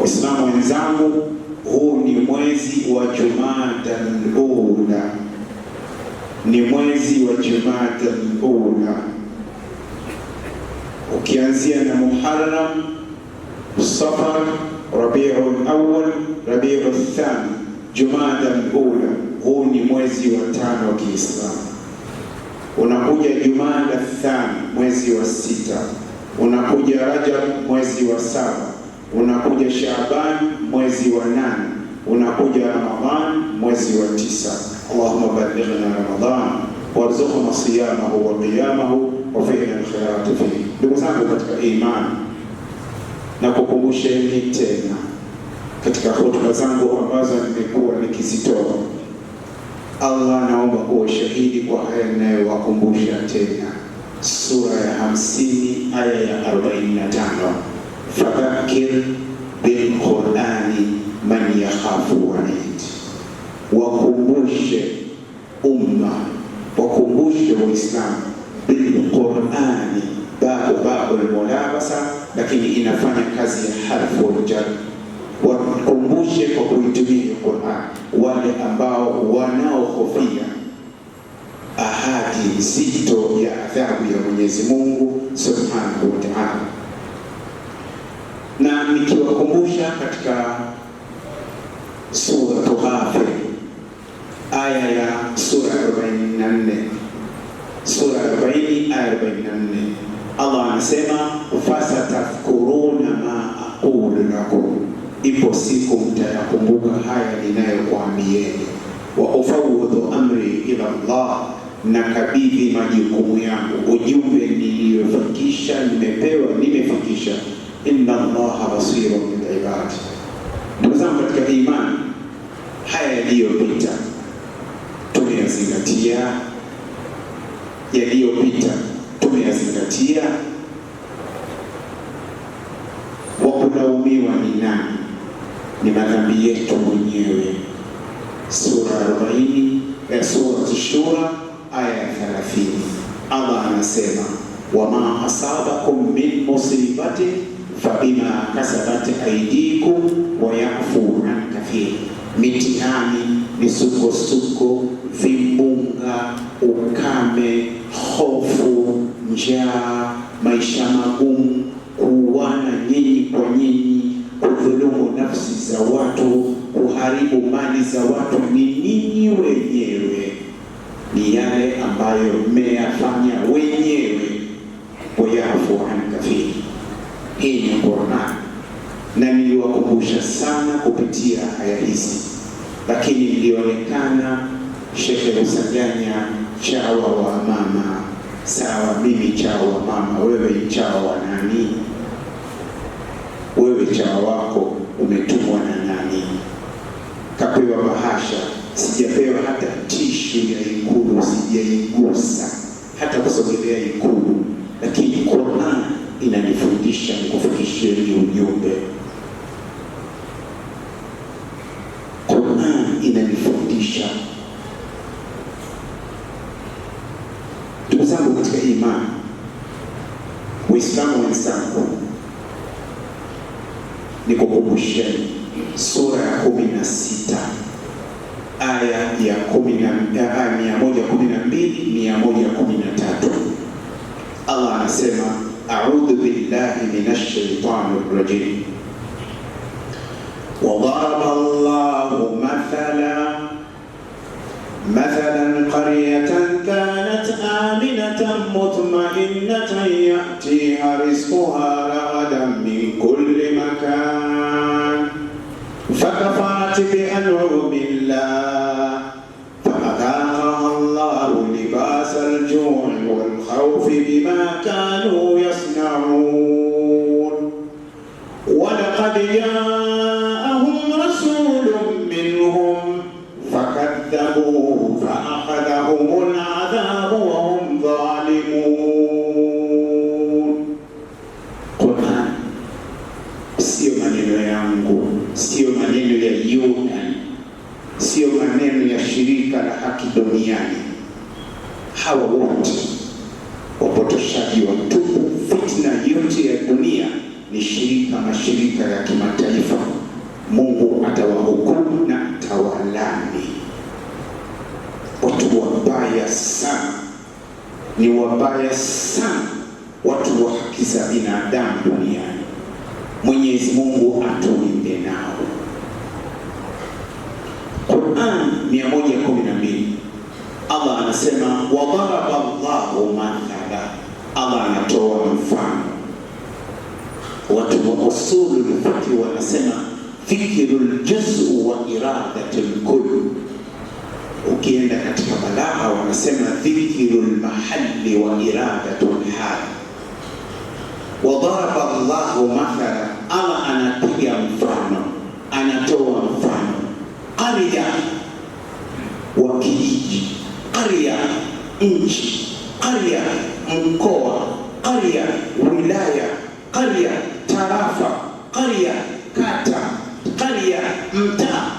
Waislamu wenzangu, huu ni mwezi wa Jumaadal Ula, ni mwezi wa Jumaadal Ula ukianzia na Muharram, Safar, Rabiul Awwal, Rabiul Thani, Jumaadal Ula. Huu ni mwezi wa tano wa Kiislamu. Unakuja Jumaada Thani, mwezi wa sita. Unakuja Rajab, mwezi wa saba unakuja Shaaban mwezi wa nane, unakuja Ramadhan mwezi wa tisa. Allahumma balighna Ramadhan warzuqna siyamahu wa qiyamahu wa fi'lana alkhairat fihi. Ndugu zangu katika imani, na kukumbusheni tena katika hotuba zangu ambazo nimekuwa nikizitoa, Allah naomba kuwa shahidi kwa haya ninayowakumbusha tena, sura ya 50 aya ya 45 fadhakir bilqurani man yakhafu waid, wakumbushe umma, wakumbushe Waislamu bilqurani, babu babu lmolabasa lakini inafanya kazi ya harfu waljar. Wakumbushe kwa kuitumia Qurani wale ambao wanaohofia ahadi nzito ya adhabu ya Mwenyezi Mungu subhanahu wa taala nikiwakumbusha katika Suratu Ghafir aya ya sura 44 sura 40 aya 44, Allah anasema fasatadhkuruna ma aqulu lakum, ipo siku mtayakumbuka haya ninayokuambieni. Wa ufawidhu amri ila Allah, na kabidhi majukumu yangu, ujumbe niliyofikisha nimepewa, nimefikisha ইন্নাল্লাহ বাসীর njaa, maisha magumu, kuuana nyinyi kwa nyinyi, kudhulumu nafsi za watu, kuharibu mali za watu, ni nyinyi wenyewe, ni yale ambayo mmeyafanya wenyewe, wayafu an Hii ni Qur'an na niliwakumbusha sana kupitia haya hizi, lakini ilionekana Shekhe Rusaganya chawa wa mama sawa, mimi chawa mama, wewe chawa nani? Wewe chawa wako umetumwa na nani? Kapewa bahasha, sijapewa hata tishu ya Ikulu, sijaigusa hata kusogelea Ikulu, lakini Qur'an inanifundisha hiyo ujumbe. Qur'an inanifundisha Waislamu wenzangu, nikukumbusheni sura ya kumi na sita aya ya kumi na mia moja kumi na mbili mia moja kumi na tatu Allah anasema a'udhu billahi minash shaitani rajim وضرب الله مثلا مثلا قرية Qur'an 112 Allah anasema wadharaba Allahu mathala, Allah anatoa mfano. Watu wa usulu lfiki wanasema fikrul ljuz'u wa iradatu kull. Ukienda katika balagha wanasema dhikru mahalli wa iradatu lhali. Wadharaba Allahu mathala, Allah anapiga mfano, anatoa Arya wa kijiji, arya nchi, arya mkoa, arya wilaya, arya tarafa, arya kata, arya mtaa.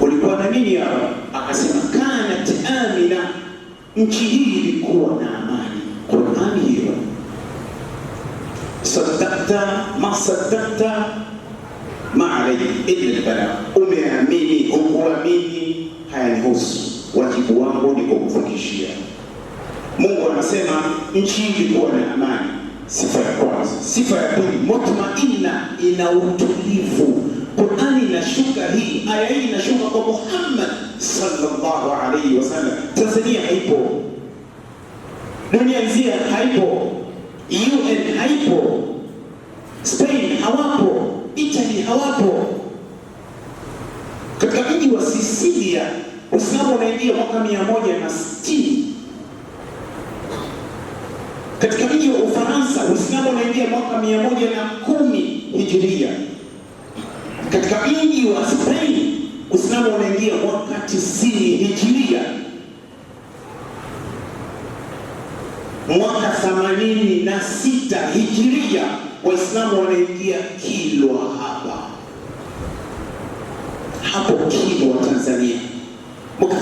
Ulikuwa na nini hapa? Akasema kanat amina, nchi hii ilikuwa na amani. Qurani hiyo, saddakta ma maalaihi illa umeamini hukuamini, hayanihusu, wajibu wangu ni kukufikishia. Mungu anasema nchi ilikuwa na amani, sifa ya kwanza. Sifa ya pili, mutmainna, ina utulivu. Qurani inashuka hii aya hii inashuka kwa Muhammad sallallahu alaihi wasallam. Tanzania haipo, dunia nzima haipo, UN haipo sita hijiria Waislamu wanaingia Kilwa hapa hapo Kilwa Tanzania mwaka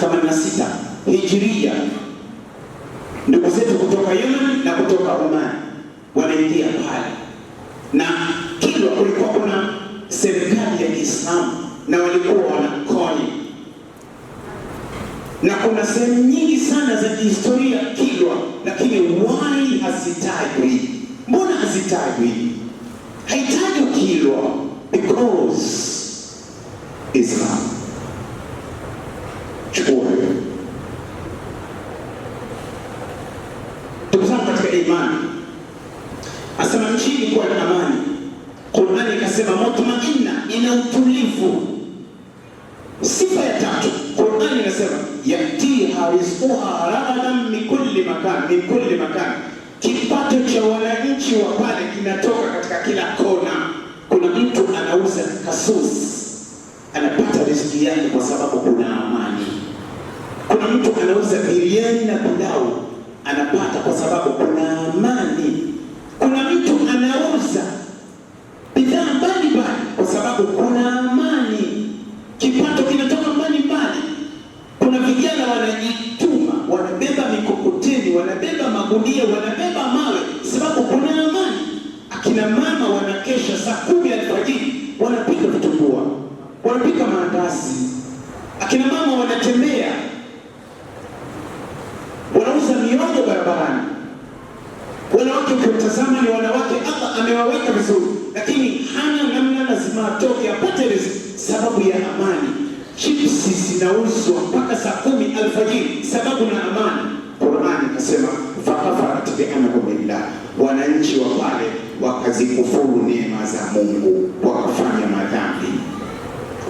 86 hijiria, ndugu zetu kutoka Yemen na kutoka Oman wanaingia pale, na Kilwa kulikuwa kuna serikali ya Kiislamu na walikuwa wanakoni, na kuna sehemu nyingi sana za kihistoria hazitajwi. Mbona hazitajwi? Haitajwi Kilwa because Islam. Chukua hiyo katika imani, asema nchini kuwa na amani. Qurani ikasema mutmainna, ina utulivu. Sifa ya tatu Qurani inasema yatiha rizquha ragadan min kulli makan, min kulli makan Kipato cha wananchi wa pale kinatoka katika kila kona. Kuna mtu anauza kasusi anapata riziki yake kwa sababu kuna amani. Kuna mtu anauza biriani na pilau anapata kwa sababu kuna amani. Kuna mtu anauza bidhaa mbalimbali kwa sababu kuna amani. Kipato kinatoka magunia wanabeba mawe, sababu kuna amani. Akina mama wanakesha saa kumi alfajiri, wanapika vitumbua, wanapika maandazi. Akina mama wanatembea, wanauza miogo barabarani. Wanawake ukimtazama ni wanawake Allah amewaweka vizuri, lakini hana namna, lazima atoke apate riziki sababu ya amani. Chipsi zinauzwa mpaka saa kumi alfajiri sababu na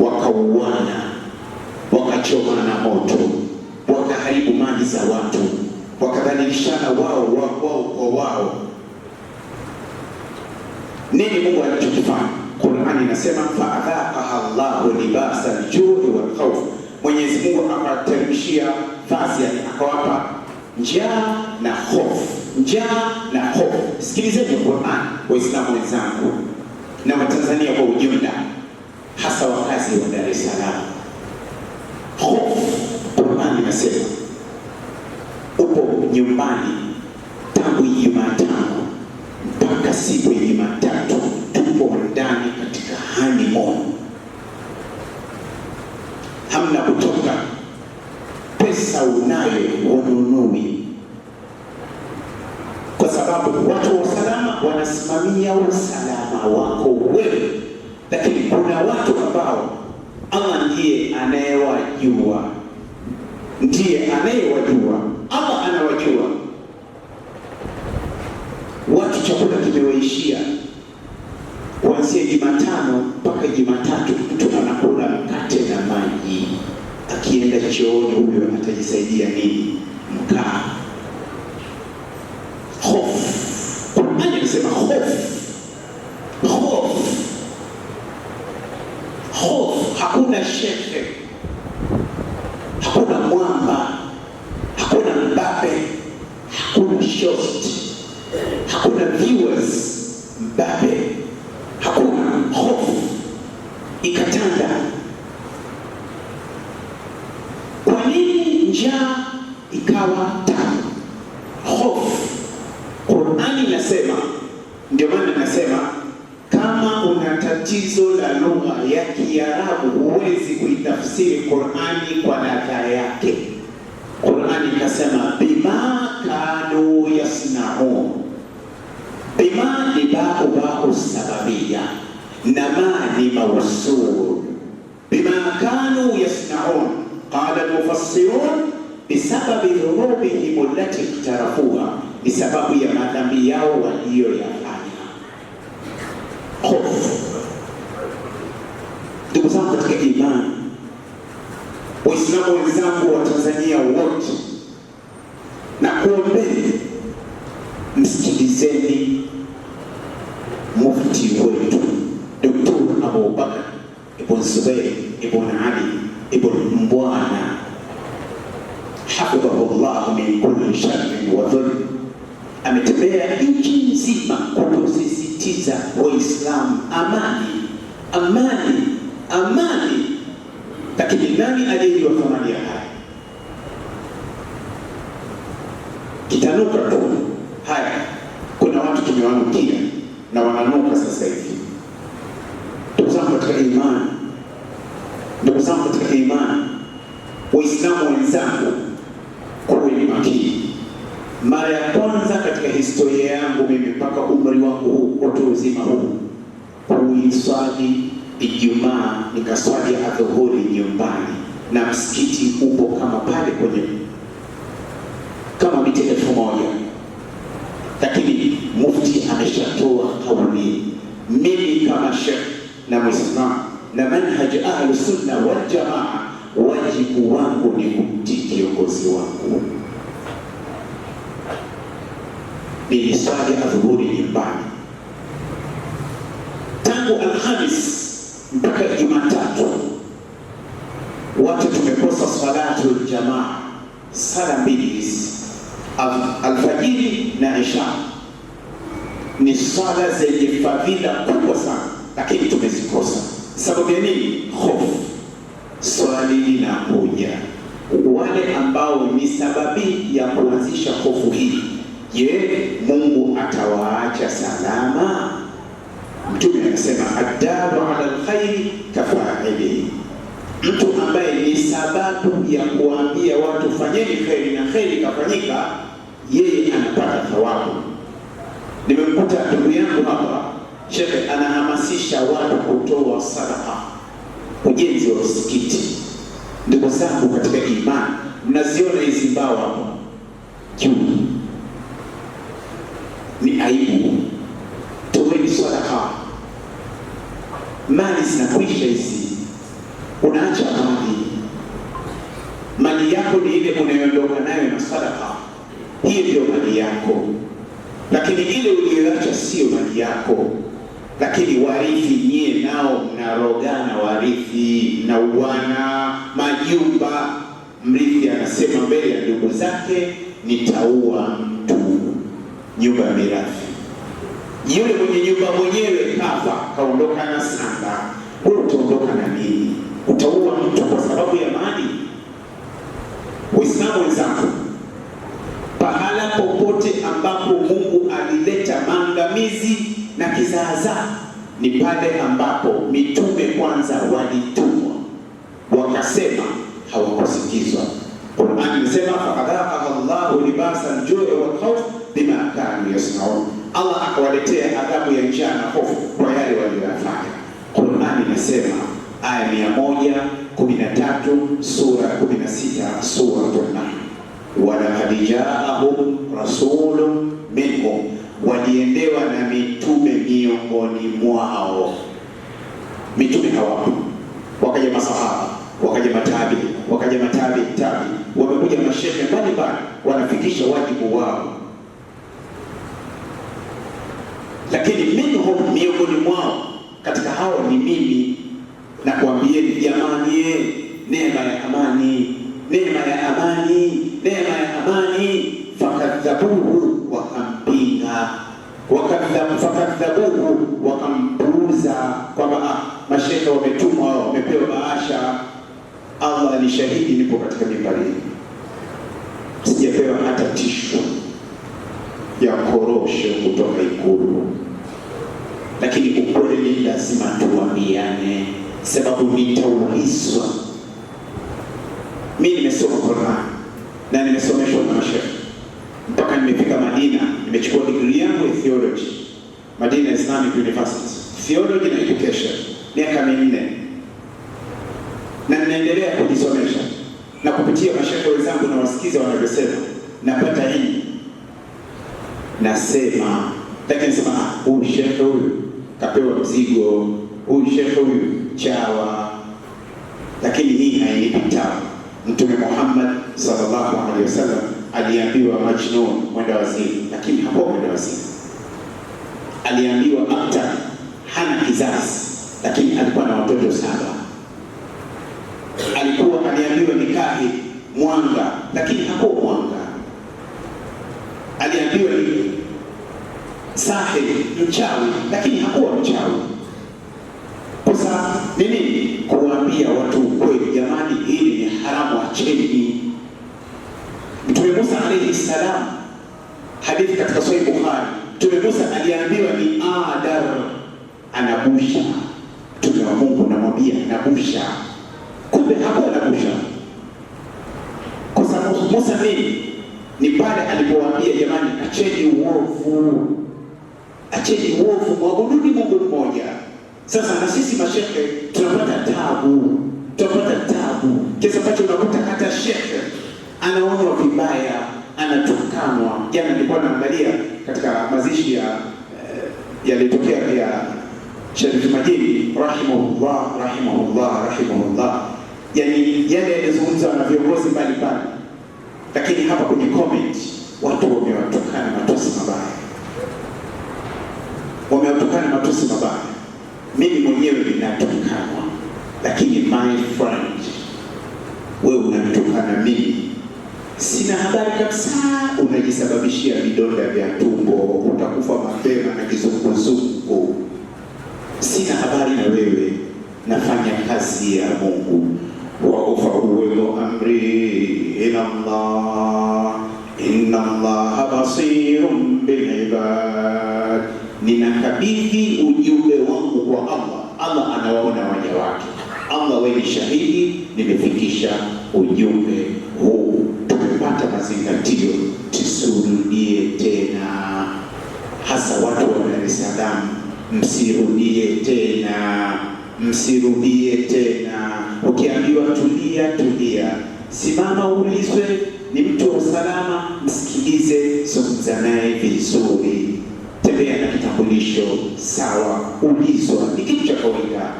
wakauana, wakachomana moto, wakaharibu mali za watu, wakadhalilishana wao wao kwa wao. Nini Mungu alichokifanya? Qur'ani inasema faadhaqaha llahu libasa aljui walkhawf, Mwenyezi Mungu akawateremshia fasi, yani akawapa njaa na hofu, njaa na hofu. Sikilizeni Qur'ani, Waislamu wenzangu na Watanzania kwa ujumla hasa wakazi wa Dar es Salaam. Hofu Qur'ani nasema upo nyumbani tangu Jumatano mpaka siku ya Jumatatu, tupo ndani katika honeymoon, hamna kutoka, pesa unayo ununui, kwa sababu watu wa usalama wanasimamia usalama wako wewe watu ambao Allah ndiye anayewajua, ndiye anayewajua, ama anawajua watu. Chakula kimewaishia kuanzia Jumatano mpaka Jumatatu, mtu anakula mkate na maji. Akienda chooni, huyo atajisaidia nini? Mkaa hofu, Qur'ani anasema hofu shit ya Kiarabu huwezi kuitafsiri Qur'ani kwa data yake. Qur'ani ikasema bima kanu yasnaun, bima ni babu babu sababia na ma ni mausul, bima kanu yasnaun qala mufassirun bisababi dhunubihim allati iktarafuha, ni sababu ya madhambi yao waliyoyafanya. Ndugu zangu katika imani, Waislamu wenzangu wa Tanzania wote, na kuombee msikilizeni mufti wetu doktor Abubakar ibn Zubeir ibn Ali ibn Mbwana hafidhahu llahu min kuli sharin wa dhulm. Ametembea nchi nzima kutosisitiza Waislamu amani, amani amani, lakini nani aliyejua thamani ya haya? Kitanuka tu haya, kuna watu kimewangukia na wananuka sasa hivi. Ndugu zangu katika imani, ndugu zangu katika imani, Waislamu wenzangu, kuweni makini. Mara ya kwanza katika historia yangu mimi mpaka umri wangu huu, utu uzima huu, kuiswali Ijumaa nikaswalia adhuhuri nyumbani na msikiti upo kama pale kwenye kama miti elfu moja lakini mufti ameshatoa kauli. Mimi kama shekh na mwislamu na manhaji ahlu sunna wal jamaa, wajibu wangu ni kumtii kiongozi wangu. Niliswali adhuhuri nyumbani tangu Alhamis mpaka Jumatatu watu tumekosa salatu jamaa, sala mbili hizi alfajiri na isha ni swala zenye fadhila kubwa sana, lakini tumezikosa. Sababu ya nini? Hofu. Swali linakuja, wale ambao ni sababi ya kuanzisha hofu hii, je, Mungu atawaacha salama? Mtume anasema adabu ala lkhairi kafailihi, mtu ambaye ni sababu ya kuambia watu fanyeni kheri na kheri kafanyika yeye anapata thawabu. nimemkuta ndugu yangu hapa shekhe, anahamasisha watu kutoa sadaka, ujenzi wa msikiti. Ndugu zangu katika imani, mnaziona hizi mbao hapo juu zinakwisha hizi, unaacha mali. Mali yako ni ile unayoondoka nayo na sadaka, hiyo ndio mali yako, lakini ile uliyoacha sio mali yako. Lakini warithi nyie nao mnarogana, warithi na uwana majumba. Mrithi anasema mbele ya ndugu zake, nitaua mtu nyumba ya mirathi. Yule mwenye nyumba mwenyewe kafa, kaondoka na sanda wewe utaondoka na nini? Utaua mtu kwa sababu ya mali? Waislamu wenzangu, pahala popote ambapo Mungu alileta maangamizi na kizaazaa ni pale ambapo mitume kwanza walitumwa wakasema, hawakusikizwa. Qur'an inasema faqadhaqa Allahu libasa al-ju'i wal khawf bima kanu yasnaun, Allah akawaletea adhabu ya njaa na hofu kwa yale waliyofanya anasema aya mia moja kumi na tatu sura kumi na sita sura An-Nahl, jaahum rasulun minhum, waliendewa na mitume miongoni mwao. Mitume hawapo, wakaja masahaba, wakaja matabi, wakaja matabi tabi, wamekuja mashehe mbalimbali, wanafikisha wajibu wao lakini minhum miongoni mwao katika hao ni mimi. Nakwambieni jamani, eh, neema ya amani, neema ya amani, neema ya amani. Fakadhabuhu, wakampinga, fakadhabuhu, wakampuuza kwamba ah, mashekhe wametumwa, wamepewa bahasha. Allah ni shahidi, nipo katika mimbari hii, sijapewa hata tishu ya korosho kutoka Ikulu, lakini sababu nitaulizwa. mi nimesoma Qur'an na nimesomeshwa na mashehe mpaka nimefika Madina, nimechukua degree yangu ya theology Madina Islamic University, theology na education, miaka minne, na ninaendelea kujisomesha na kupitia mashehe wenzangu na wasikiza wanavyosema, napata hii nasema, lakini sema ah, huyu shehe huyu kapewa mzigo, huyu shehe huyu chawa, lakini hii hailipi Mtume Muhammad sallallahu alaihi wasallam aliambiwa majnun, mwenda wazimu, lakini hapo mwenda wazimu. Aliambiwa Akta, hana kizazi, lakini alikuwa na watoto saba. Alikuwa aliambiwa ni mwanga, lakini hakuwa mwanga. Aliambiwa ni sahiri, mchawi, lakini hakuwa mchawi. kuwaambia watu ukweli, jamani, hili ni haramu, acheni. Mtume Musa alayhi salam, hadithi katika Sahih Bukhari, Mtume Musa aliambiwa ni adar, anabusha. Mtume wa Mungu namwambia anabusha, kumbe hapo anabusha kwa sababu Musa nini? Ni pale alipowaambia jamani, acheni uovu, acheni uovu, mwabuduni Mungu mmoja. Sasa na sisi mashehe vibaya, anatukanwa. Jana nilikuwa naangalia katika mazishi ya eh, yalitokea ya, ya Sharif Majini rahimahullah rahimahullah rahimahullah, yani yale yalizungumzwa na viongozi mbalimbali, lakini hapa kwenye comment watu wamewatukana matusi mabaya, wamewatukana matusi mabaya. Mimi mwenyewe ninatukanwa, lakini my friend, wewe unanitukana mimi sina habari kabisa, unajisababishia vidonda vya tumbo, utakufa mapema na kizunguzungu. Sina habari na wewe, nafanya kazi ya Mungu. waufawidhu amri ila Allah inna Allah basirun bil ibad, ninakabidhi ujumbe wangu kwa Allah. Allah anawaona waja wake. Allah, wewe ni shahidi, nimefikisha ujumbe mazingatio, tusirudie tena, hasa watu wa Dar es Salaam, msirudie tena, msirudie tena. Ukiambiwa tulia, tulia, simama, ulizwe ni mtu wa usalama, msikilize, zungumza naye vizuri, tembea na kitambulisho sawa, ulizwa, ni kitu cha kawaida.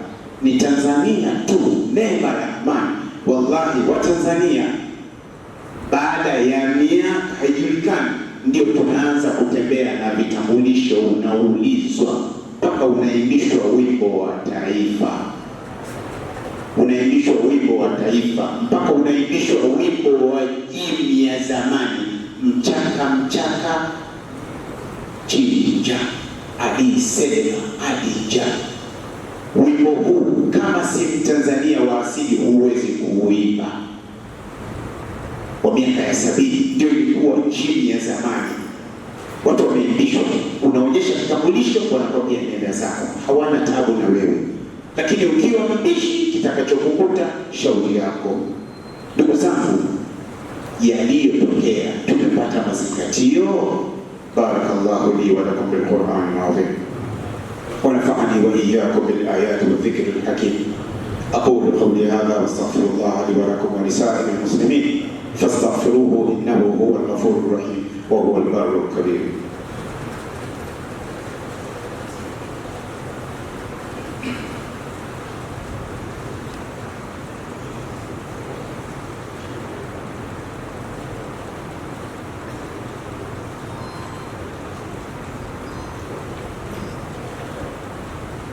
Ni Tanzania tu, neema ya amani. Wallahi, tanzania baada ya miaka haijulikani, ndio tunaanza kutembea na vitambulisho, unaulizwa mpaka unaimbishwa wimbo wa taifa, unaimbishwa wimbo wa taifa, mpaka unaimbishwa wimbo wa jimi ya zamani, mchaka mchaka chinja alisema adija Wimbo huu kama si Mtanzania wa asili huwezi kuuimba wa miaka ya sabini, ndio ilikuwa chini ya zamani. Watu wameibishwa, unaonyesha kitambulisho, wanakwambia nenda zako, hawana tabu na wewe. Lakini ukiwa mbishi, kitakachokukuta shauri yako. Ndugu zangu, yaliyotokea tumepata mazingatio. Barakallahu li wa lakum bil Qur'an al-azim wa nafa'ani wa iyyakum bil ayati wa hakim aqulu qawli hadha wa astaghfirullah li wa lakum wa lisa'iril muslimin فاستغفروه إنه هو الغفور الرحيم وهو البر الكبير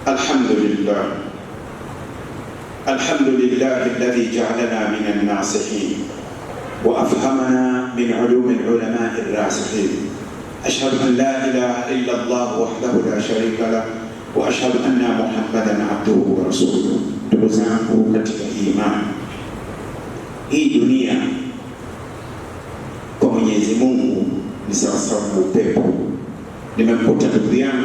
الحمد لله الحمد لله الذي جعلنا من الناصحين وافهمنا من علوم العلماء الراسخين اشهد ان لا اله الا الله وحده لا شريك له واشهد ان محمدا عبده ورسوله تزعمه كتب ايمان اي دنيا kwa Mwenyezi Mungu ni sawasawa na upepo. Nimemkuta ndugu